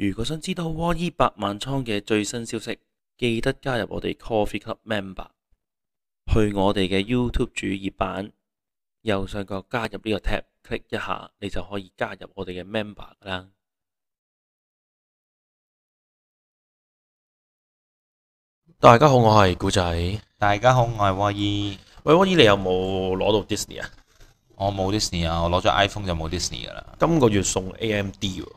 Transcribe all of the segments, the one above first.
如果想知道沃依百萬倉嘅最新消息，記得加入我哋 Coffee Club Member。去我哋嘅 YouTube 主頁版右上角加入呢個 Tab，click 一下，你就可以加入我哋嘅 Member 啦。大家好，我係古仔。大家好，我係沃依。喂，沃依，你有冇攞到 Disney 啊？我冇 Disney 啊，我攞咗 iPhone 就冇 Disney 㗎喇。今個月送 AMD 喎。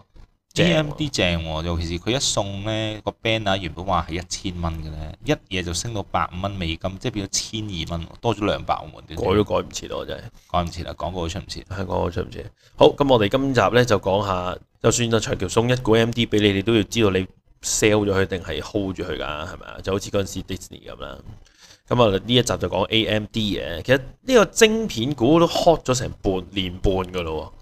正啊、AMD 正喎、啊，尤其是佢一送咧、嗯那個 banner 啊，原本話係一千蚊嘅咧，一嘢就升到百五蚊美金，即係變咗千二蚊，多咗兩百澳喎。改都改唔切咯，真係改唔切啊！廣告出唔切，係廣告出唔切。好，咁我哋今集咧就講一下，就算就長橋送一股 AMD 俾你，你都要知道你 sell 咗佢定係 hold 住佢㗎，係咪啊？就好似嗰陣時 Disney 咁啦。咁啊呢一集就講 AMD 嘅，其實呢個晶片股都 hot 咗成半年半㗎咯。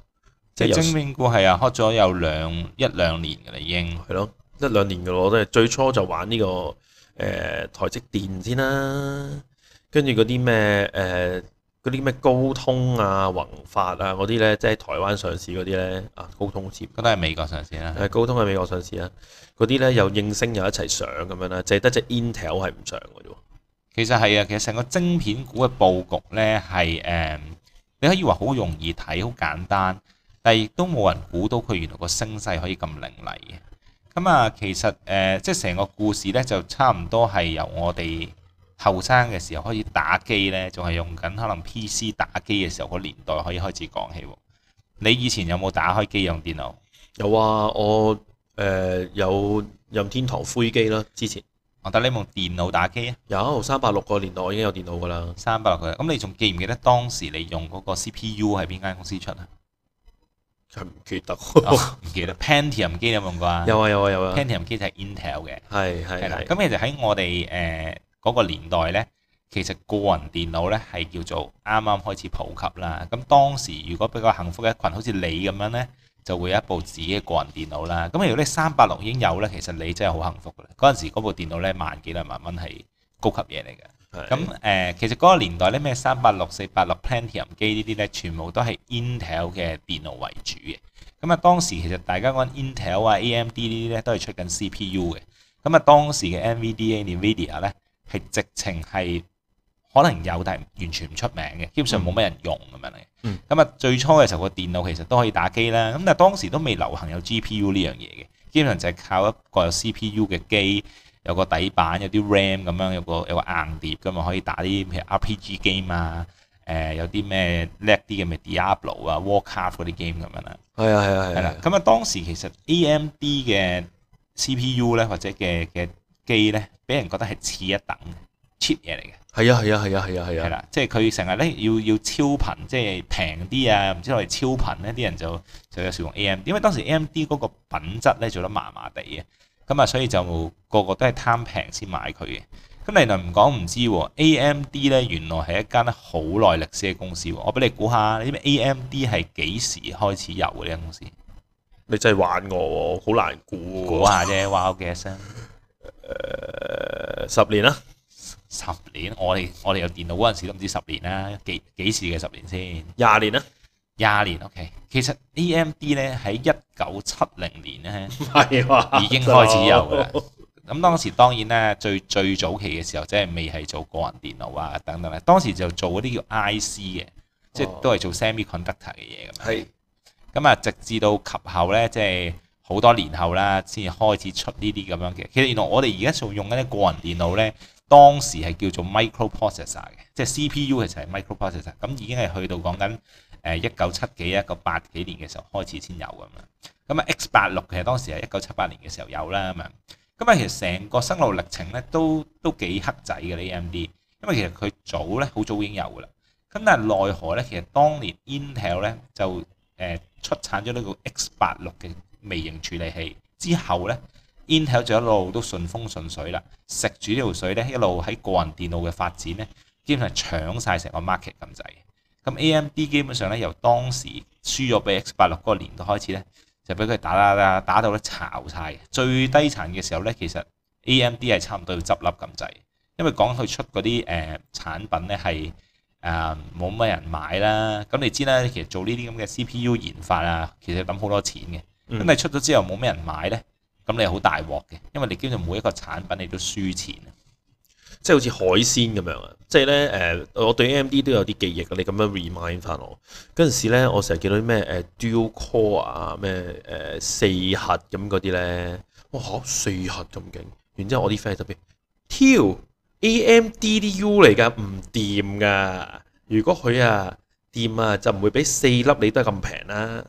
即有晶片股係啊，開咗有兩一兩年嘅啦，已經係咯一兩年嘅咯，我都係最初就玩呢、這個誒、呃、台積電先啦，跟住嗰啲咩誒啲咩高通啊、宏發啊嗰啲咧，即係台灣上市嗰啲咧，啊高通好似嗰都係美國上市啦，係高通係美國上市啦，嗰啲咧又應聲又一齊上咁樣啦，就係得隻 Intel 係唔上嘅啫喎。其實係啊，其實成個晶片股嘅佈局咧係誒，你可以話好容易睇，好簡單。但亦都冇人估到佢原來個聲勢可以咁凌厲嘅。咁、嗯、啊，其實誒、呃，即係成個故事呢，就差唔多係由我哋後生嘅時候開始打機呢，仲係用緊可能 PC 打機嘅時候嗰年代可以開始講起。你以前有冇打開機用電腦？有啊，我誒、呃、有任天堂灰機啦，之前。我、啊、得你用電腦打機啊？有，三百六個年代我已經有電腦㗎喇，三百六個。咁你仲記唔記得當時你用嗰個 CPU 係邊間公司出啊？就唔記得，唔記得。Pentium 機有冇用過啊？有啊有啊有啊。Pentium 機就係 Intel 嘅，係係係。咁其實喺我哋誒嗰個年代咧，其實個人電腦咧係叫做啱啱開始普及啦。咁當時如果比較幸福嘅一羣，好似你咁樣咧，就會有一部自己嘅個人電腦啦。咁如果你三百六已經有咧，其實你真係好幸福嘅。嗰陣時嗰部電腦咧，萬幾兩萬蚊係高級嘢嚟嘅。咁誒、呃，其實嗰個年代咧，咩三八六、四八六、Pentium 機呢啲咧，全部都係 Intel 嘅電腦為主嘅。咁啊，當時其實大家講 Intel 啊、AMD 這些呢啲咧，都係出緊 CPU 嘅。咁啊，當時嘅 NVDA、NVIDIA 咧，係直情係可能有，但係完全唔出名嘅。基本上冇乜人用咁樣嘅。咁、嗯、啊，最初嘅時候個電腦其實都可以打機啦。咁但係當時都未流行有 GPU 呢樣嘢嘅，基本上就係靠一個有 CPU 嘅機。有個底板，有啲 RAM 咁樣，有個有個硬碟咁啊，可以打啲譬如 RPG game 啊，呃、有啲咩叻啲嘅 Diablo 啊、Warcraft 嗰啲 game 咁樣啦。係啊係啊係啦。咁啊，啊，啊、嗯、當時其實 AMD 嘅 CPU 咧或者嘅嘅機咧，俾人覺得係次一等 cheap 嘢嚟嘅。係啊係啊係啊係啊係啊。啦、啊啊啊啊啊就是，即係佢成日咧要要超頻，即係平啲啊，唔知係咪超頻咧？啲人就就有時用 AMD，因為當時 AMD 嗰個品質咧做得麻麻地嘅。咁啊，所以就個個都係貪平先買佢嘅。咁你能唔講唔知喎，AMD 呢，原來係一間好耐歷史嘅公司喎。我俾你估下，你知唔知 AMD 係幾時開始有嘅呢間公司？你真係玩我喎，哦，好難估，哦。估下啫，哇、wow, uh,！我幾多聲？十年啦。十年，我哋我哋有電腦嗰陣時都唔知十年啦。幾幾時嘅十年先？廿年啦。廿年 OK，其實 AMD 咧喺一九七零年咧， 已經開始有噶啦。咁 當時當然咧最最早期嘅時候，即係未係做個人電腦啊等等啦。當時就做嗰啲叫 IC 嘅，oh。即係都係做 semiconductor 嘅嘢咁樣。係。咁啊，直至到及後咧，即係好多年後啦，先至開始出呢啲咁樣嘅。其實原來我哋而家仲用緊嘅個人電腦咧，當時係叫做 microprocessor 嘅，即係 CPU 其實係 microprocessor，咁已經係去到講緊。誒，一九七幾一個八幾年嘅時候開始先有㗎嘛。咁啊 X 八六其實當時係一九七八年嘅時候有啦，咁啊，咁啊其實成個生路歷程咧都都幾黑仔嘅呢 AMD，因為其實佢早咧好早已經有噶啦，咁但係奈何咧其實當年 Intel 咧就誒、呃、出產咗呢個 X 八六嘅微型處理器之後咧，Intel 就一路都順風順水啦，食住呢條水咧一路喺個人電腦嘅發展咧基本上搶晒成個 market 咁滯。咁 AMD 基本上咧，由當時輸咗俾 X 八六嗰個年代開始咧，就俾佢打打打打到咧炒曬最低層嘅時候咧，其實 AMD 係差唔多要執笠咁滯，因為講佢出嗰啲誒產品咧係誒冇乜人買啦。咁你知啦，其實做呢啲咁嘅 CPU 研發啊，其實揼好多錢嘅。咁你出咗之後冇咩人買咧，咁你好大鑊嘅，因為你基本上每一個產品你都輸錢。即係好似海鮮咁樣啊！即係咧誒，我對 AMD 都有啲記憶啊。你咁樣 remind 翻我嗰陣時咧，我成日見到啲咩誒 Dual Core 啊，咩誒四核咁嗰啲咧，哇嚇四核咁勁！然之後我啲 friend 特別挑 AMD 的 U 嚟㗎，唔掂㗎。如果佢啊掂啊，就唔會俾四粒你都係咁平啦。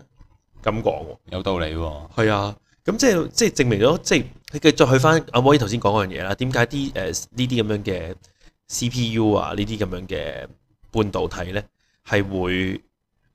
咁講喎，有道理喎，哦。係啊。咁即係即係證明咗，即係佢再去翻阿摩爾頭先講嗰樣嘢啦。點解啲呢啲咁樣嘅 CPU 啊呢啲咁樣嘅半導體咧，係會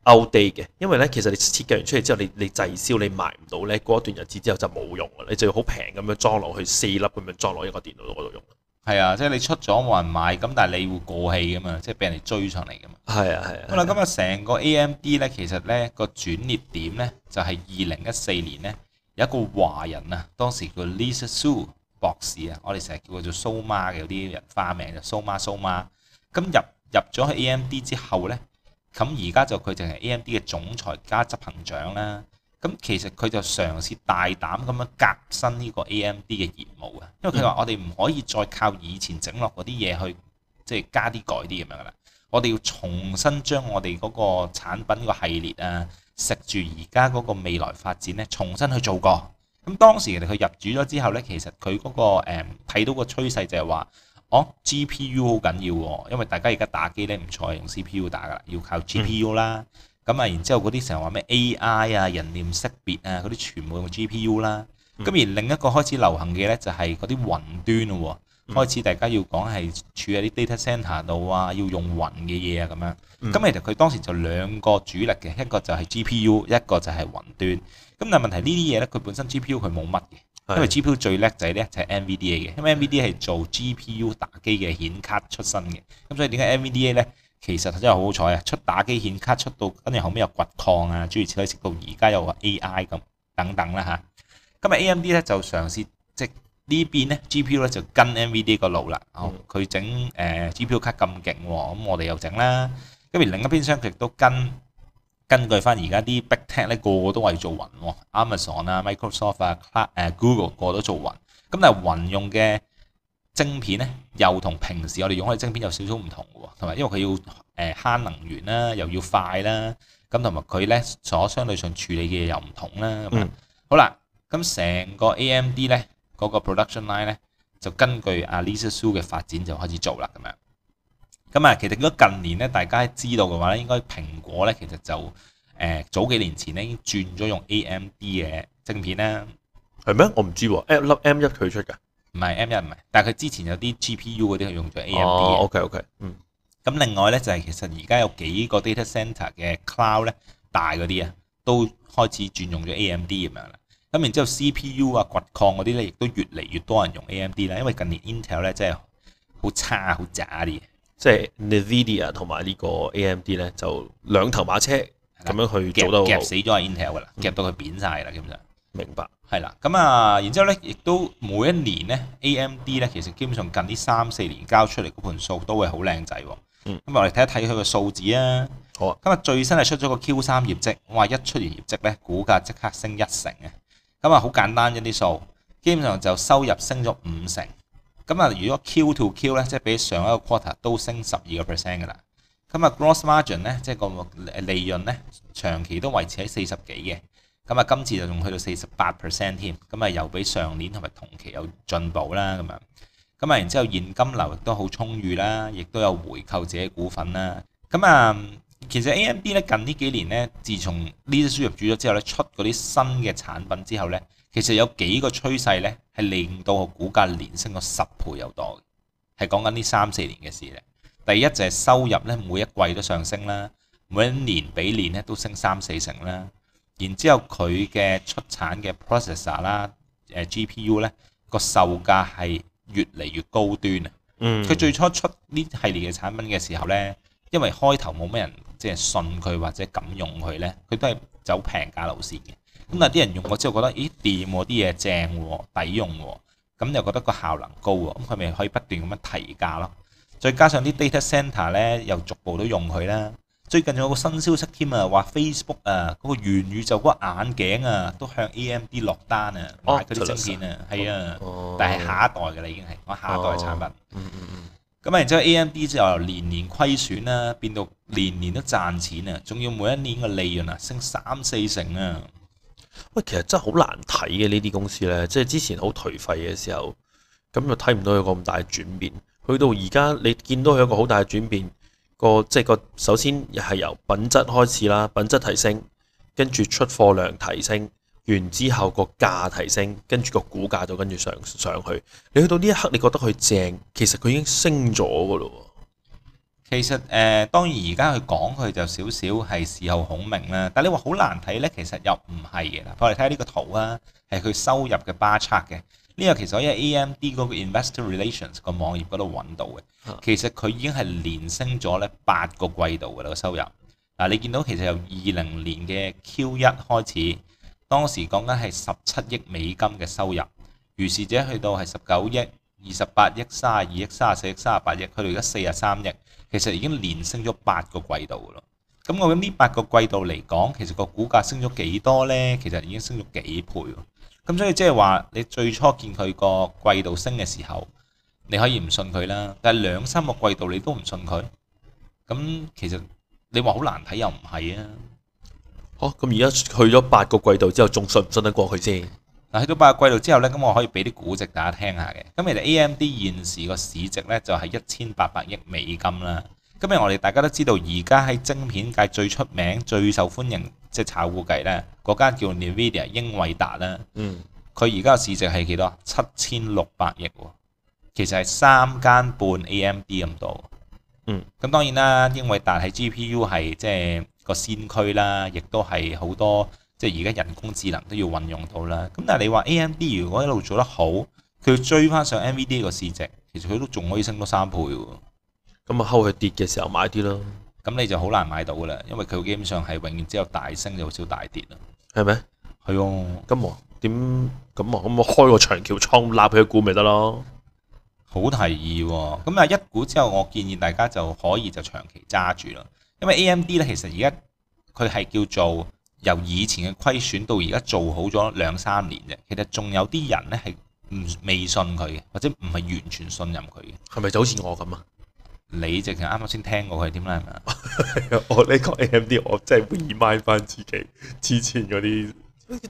outdate 嘅？因為咧，其實你設計完出嚟之後，你你滯銷你買唔到咧，過一段日子之後就冇用啦。你就要好平咁樣裝落去四粒咁樣裝落一個電腦嗰度用。係啊，即係你出咗冇人買，咁但係你會過氣噶嘛？即係俾人哋追上嚟噶嘛？係啊係啊。咁啊，啊今日成個 AMD 咧，其實咧個轉捩點咧就係二零一四年咧。有一個華人啊，當時叫 Lisa Su 博士啊，我哋成日叫佢做蘇媽嘅，有啲人花名就蘇媽蘇媽。咁入入咗去 AMD 之後呢，咁而家就佢就係 AMD 嘅總裁加執行長啦。咁其實佢就嘗試大膽咁樣革新呢個 AMD 嘅業務啊，因為佢話我哋唔可以再靠以前整落嗰啲嘢去，即係加啲改啲咁樣噶啦。我哋要重新將我哋嗰個產品個系列啊～食住而家嗰個未來發展咧，重新去做過。咁當時人哋佢入主咗之後呢，其實佢嗰、嗰個睇、嗯、到個趨勢就係話，哦 GPU 好緊要喎，因為大家而家打機呢唔再用 CPU 打㗎喇，要靠 GPU 啦。咁、嗯、啊，然之後嗰啲成日話咩 AI 啊、人臉識別啊，嗰啲全部用 GPU 啦。咁、嗯、而另一個開始流行嘅呢，就係嗰啲雲端喎。嗯、開始大家要講係處喺啲 data centre 度啊，要用雲嘅嘢啊咁樣。咁、嗯、其實佢當時就兩個主力嘅，一個就係 GPU，一個就係雲端。咁但係問題呢啲嘢呢，佢本身 GPU 佢冇乜嘅，因為 GPU 最叻仔呢，就係 NVDA 嘅，因為 NVDA 係做 GPU 打機嘅顯卡出身嘅。咁所以點解 NVDA 呢？其實真係好好彩啊！出打機顯卡出到，跟住後尾又掘礦啊，終於可以食到而家有個 AI 咁等等啦吓，今日 AMD 咧就嘗試。呢邊咧，G.P.U. 咧就跟 N.V.D. 個路啦。哦，佢整誒 G.P.U. 卡咁勁，咁我哋又整啦。跟住另一邊廂，佢亦都跟根據翻而家啲 big tech 咧，個個都係做雲，Amazon 啊、Microsoft 啊、誒 Google 個個都做雲。咁但係雲用嘅晶片咧，又同平時我哋用開嘅晶片有少少唔同嘅，係咪？同埋因為佢要誒慳能源啦，又要快啦，咁同埋佢咧所相對上處理嘅嘢又唔同啦。咁啊，好啦，咁成個 A.M.D. 咧。嗰、那個 production line 咧，就根據阿 Lisa Su 嘅發展就開始做啦，咁樣。咁啊，其實如果近年咧，大家知道嘅話咧，應該蘋果咧其實就誒、呃、早幾年前咧已經轉咗用 AMD 嘅晶片啦。係咩？我唔知喎，L 粒 M1 佢出嘅，唔係 M1 唔係。但係佢之前有啲 GPU 嗰啲係用咗 AMD、啊、OK OK，嗯。咁另外咧就係、是、其實而家有幾個 data center 嘅 cloud 咧，大嗰啲啊，都開始轉用咗 AMD 咁樣啦。咁然之後，C P U 啊、掘礦嗰啲咧，亦都越嚟越多人用 A M D 啦。因為近年 Intel 咧真係好差、好渣啲。即係 Nvidia 同埋呢個 A M D 咧就兩頭馬車咁樣去夾死咗 Intel 噶啦，夾、嗯、到佢扁晒噶啦，基本上。明白。係啦，咁啊，然之後咧，亦都每一年咧，A M D 咧其實基本上近呢三四年交出嚟嗰盤數都會、嗯、看看好靚仔。喎。咁我哋睇一睇佢個數字啊。好。今日最新係出咗個 Q 三業績，哇！一出完業績咧，股價即刻升一成啊！咁啊，好簡單一啲數，基本上就收入升咗五成。咁啊，如果 Q to Q 咧，即係比上一個 quarter 都升十二個 percent 噶啦。咁啊，gross margin 咧，即係個利潤咧，長期都維持喺四十幾嘅。咁啊，今次就仲去到四十八 percent 添。咁啊，又比上年同埋同期有進步啦咁樣。咁啊，然之後現金流亦都好充裕啦，亦都有回購自己股份啦。咁啊～其實 AMD 咧近呢幾年咧，自從呢啲輸入主咗之後咧，出嗰啲新嘅產品之後咧，其實有幾個趨勢咧，係令到個股價連升個十倍有多嘅，係講緊呢三四年嘅事咧。第一就係收入咧，每一季都上升啦，每一年比年咧都升三四成啦。然之後佢嘅出產嘅 Processor 啦，誒 GPU 咧，個售價係越嚟越高端啊。嗯。佢最初出呢系列嘅產品嘅時候咧，因為開頭冇咩人。即係信佢或者敢用佢呢，佢都係走平價路線嘅。咁啊啲人用過之後覺得，咦掂喎啲嘢正喎、啊，抵用喎、啊，咁又覺得個效能高喎、啊，咁佢咪可以不斷咁樣提價咯。再加上啲 data center 呢，又逐步都用佢啦。最近有個新消息添啊，話 Facebook 啊，嗰、嗰個元宇宙嗰個眼鏡啊，都向 AMD 落單啊，買佢啲晶片啊，係、哦、啊，哦、但係下一代嘅啦已經係，我下一代產品。嗯、哦、嗯嗯。嗯嗯。咁然之後，AMD 之後由年年虧損啦，變到年年都賺錢啊，仲要每一年嘅利潤啊，升三四成啊。喂，其實真係好難睇嘅呢啲公司咧，即係之前好頹廢嘅時候，咁又睇唔到有個咁大嘅轉變。去到而家，你見到佢有個好大嘅轉變，個即係個首先又係由品質開始啦，品質提升，跟住出貨量提升。完之後個價提升，跟住個股價就跟住上上去。你去到呢一刻，你覺得佢正，其實佢已經升咗噶咯。其實誒、呃，當然而家佢講佢就少少係事後孔明啦。但你話好難睇呢，其實又唔係嘅啦。我嚟睇下呢個圖啊，係佢收入嘅 bar chart 嘅。呢、這個其實我喺 AMD 嗰個 investor relations 個網頁嗰度揾到嘅。其實佢已經係連升咗呢八個季度嘅啦，個收入。嗱、啊，你見到其實由二零年嘅 Q 一開始。當時講緊係十七億美金嘅收入，如是者去到係十九億、二十八億、三十二億、三十四億、三十八億，佢到而家四十三億，其實已經連升咗八個季度咯。咁我諗呢八個季度嚟講，其實個股價升咗幾多呢？其實已經升咗幾倍喎。咁所以即係話，你最初見佢個季度升嘅時候，你可以唔信佢啦。但係兩三個季度你都唔信佢，咁其實你話好難睇又唔係啊。好、哦，咁而家去咗八個季度之後，仲信唔信得過佢啫？嗱，去到八個季度之後呢，咁我可以俾啲估值大家聽下嘅。咁其實 AMD 現時個市值呢，就係一千八百億美金啦。咁其實我哋大家都知道，而家喺晶片界最出名、最受歡迎即係炒股計呢，嗰間叫 NVIDIA 英偉達啦。嗯。佢而家市值係幾多？七千六百億喎。其實係三間半 AMD 咁多。嗯。咁當然啦，英偉達係 GPU 係即係。個先驅啦，亦都係好多，即係而家人工智能都要運用到啦。咁但係你話 AMD 如果一路做得好，佢追翻上 NVDA 個市值，其實佢都仲可以升多三倍喎。咁啊，後去跌嘅時候買啲咯。咁你就好難買到噶啦，因為佢基本上係永遠只有大升，有少少大跌啊。係咪？係喎、哦。咁啊？點咁啊？咁我開個長橋倉立佢股咪得咯？好提議喎、哦。咁啊，一股之後，我建議大家就可以就長期揸住啦。因為 A M D 咧，其實而家佢係叫做由以前嘅虧損到而家做好咗兩三年啫。其實仲有啲人咧係唔未信佢嘅，或者唔係完全信任佢嘅。係咪就好似我咁啊？你直情啱啱先聽過佢點咧？係咪？我你講 A M D，我真係 remind 翻自己之前嗰啲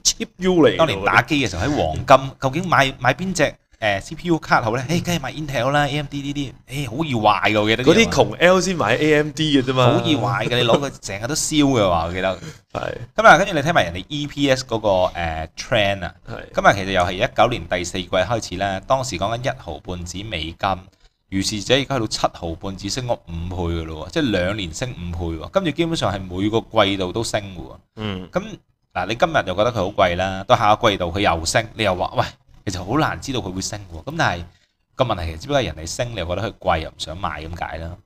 cheap U 嚟。當年打機嘅時候喺黃金，究竟買買邊隻？誒 CPU 卡號咧，誒梗係買 Intel 啦，AMD 呢啲，誒好易壞嘅我記得。嗰啲窮 L 先買 AMD 嘅啫嘛。好易壞嘅，你攞佢成日都燒嘅話，我記得。係。咁啊，跟住你睇埋人哋 EPS 嗰個誒 trend 啊。係。今日其實又係一九年第四季開始啦，當時講緊一毫半紙美金，如是者而家到七毫半紙，升咗五倍嘅咯喎，即係兩年升五倍喎。跟住基本上係每個季度都升嘅喎。嗯。咁嗱，你今日就覺得佢好貴啦，到下個季度佢又升，你又話喂。其實好難知道佢會升喎，咁但係個問題其實只不過係人哋升，你又覺得佢貴又唔想買咁解啦。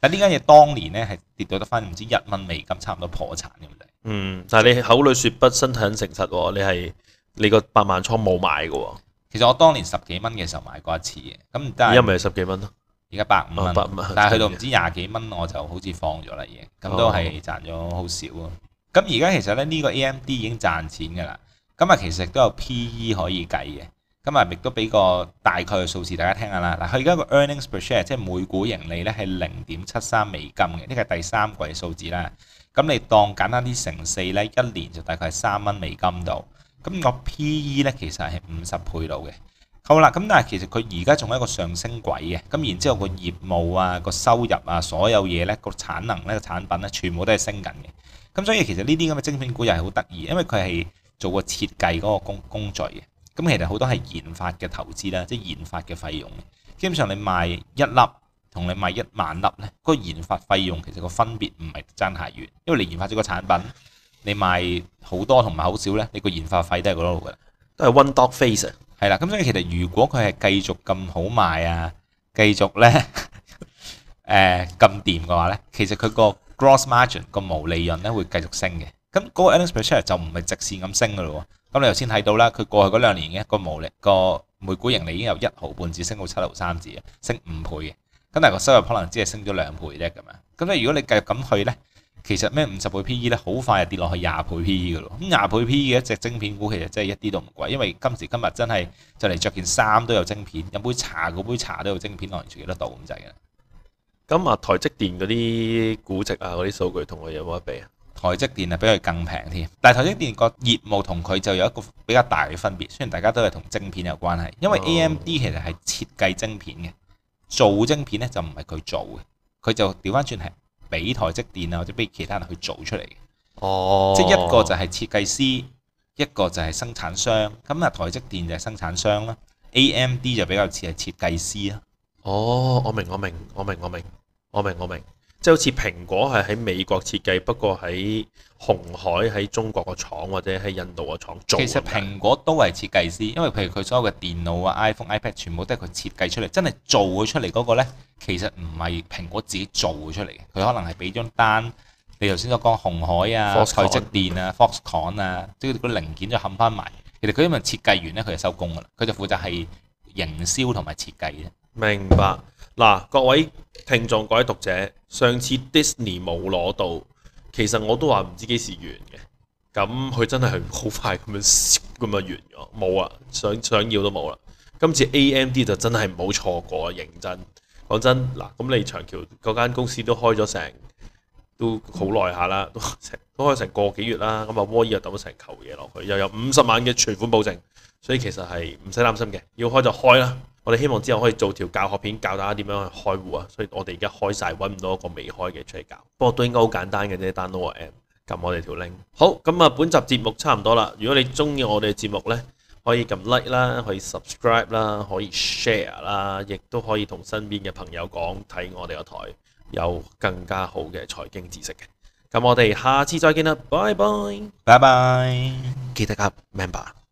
但呢間嘢當年呢，係跌到得翻唔知一蚊美金，差唔多破產咁滯，嗯。但係你口裏説不，身體很誠實。你係你個百萬倉冇買嘅。其實我當年十幾蚊嘅時候買過一次嘅，咁都係一咪十幾蚊咯，而家百五蚊，哦，但係去到唔知廿幾蚊我就好似放咗啦已經，咁、哦、都係賺咗好少。咁而家其實咧呢個 AMD 已經賺錢㗎啦，咁啊其實都有 PE 可以計嘅。咁啊，亦都俾個大概嘅數字大家聽下啦。嗱，佢而家個 earnings per share，即係每股盈利咧，係零點七三美金嘅，呢個係第三季嘅數字啦。咁你當簡單啲乘四咧，一年就大概係三蚊美金度。咁個 PE 咧，其實係五十倍度嘅。好啦，咁但係其實佢而家仲係一個上升軌嘅。咁然之後個業務啊、個收入啊、所有嘢咧、個產能咧、個產品咧，全部都係升緊嘅。咁所以其實呢啲咁嘅晶片股又係好得意，因為佢係做個設計嗰個工工序嘅。咁其實好多係研發嘅投資啦，即係研發嘅費用。基本上你賣一粒同你賣一萬粒咧，嗰個研發費用其實個分別唔係爭太遠，因為你研發咗個產品，你賣好多同埋好少咧，你個研發費都係嗰度噶啦，都係 one dog face 啊。係啦，咁所以其實如果佢係繼續咁好賣啊，繼續咧誒咁掂嘅話咧，其實佢個 gross margin 個毛利潤咧會繼續升嘅。咁嗰個 earnings per share 就唔係直線咁升噶咯喎。咁你頭先睇到啦，佢過去嗰兩年嘅個毛利個每股盈利已經由一毫半子升到七毫三子嘅，升五倍嘅。咁但係個收入可能只係升咗兩倍啫，咁啊。咁咧如果你繼續咁去咧，其實咩五十倍 P/E 咧，好快就跌落去廿倍 PE 嘅咯。咁廿倍 PE 嘅一隻晶片股其實真係一啲都唔貴，因為今時今日真係就嚟着件衫都有晶片，飲杯茶嗰杯茶都有晶片，攞嚟存幾多度咁滯嘅。咁啊，台積電嗰啲估值啊，嗰啲數據同佢有冇得比啊？台積電係比佢更平添，但係台積電個業務同佢就有一個比較大嘅分別。雖然大家都係同晶片有關係，因為 AMD 其實係設計晶片嘅，做晶片呢就唔係佢做嘅，佢就掉返轉係俾台積電啊或者俾其他人去做出嚟嘅。哦，即係一個就係設計師，一個就係生產商。咁啊，台積電就係生產商啦，AMD 就比較似係設計師啦。哦，我明我明我明我明我明我明。即係好似蘋果係喺美國設計，不過喺鴻海喺中國個廠或者喺印度個廠做。其實蘋果都係設計師，因為譬如佢所有嘅電腦啊、iPhone、iPad 全部都係佢設計出嚟，真係做佢出嚟嗰，那個呢，其實唔係蘋果自己做佢出嚟嘅，佢可能係俾張單。你頭先所講鴻海啊、Foxconn，台積電啊、Foxconn 啊，即係嗰零件就冚翻埋。其實佢因為設計完呢，佢就收工噶啦，佢就負責係營銷同埋設計啫。明白嗱、啊，各位聽眾、各位讀者，上次 Disney 冇攞到，其實我都話唔知幾時完嘅。咁佢真係好快咁樣咁啊完咗，冇啊，想想要都冇啦。今次 AMD 就真係唔好錯過，認真講真嗱，咁、啊、你長橋嗰間公司都開咗成都好耐下啦，都開咗成個幾月啦。咁啊，沃爾又抌咗成嚿嘢落去，又有五十萬嘅存款保證，所以其實係唔使擔心嘅，要開就開啦。我哋希望之後可以做一條教學片教大家點樣去開戶啊，所以我哋而家開晒，揾唔到一個未開嘅出嚟教。不過都應該好簡單嘅啫，download 個 App，撳我哋條 link。好，咁啊，本集節目差唔多啦。如果你中意我哋嘅節目呢，可以撳 like 啦，可以 subscribe 啦，可以 share 啦，亦都可以同身邊嘅朋友講，睇我哋個台有更加好嘅財經知識嘅。咁我哋下次再見啦，拜拜，bye bye，記得啊，member。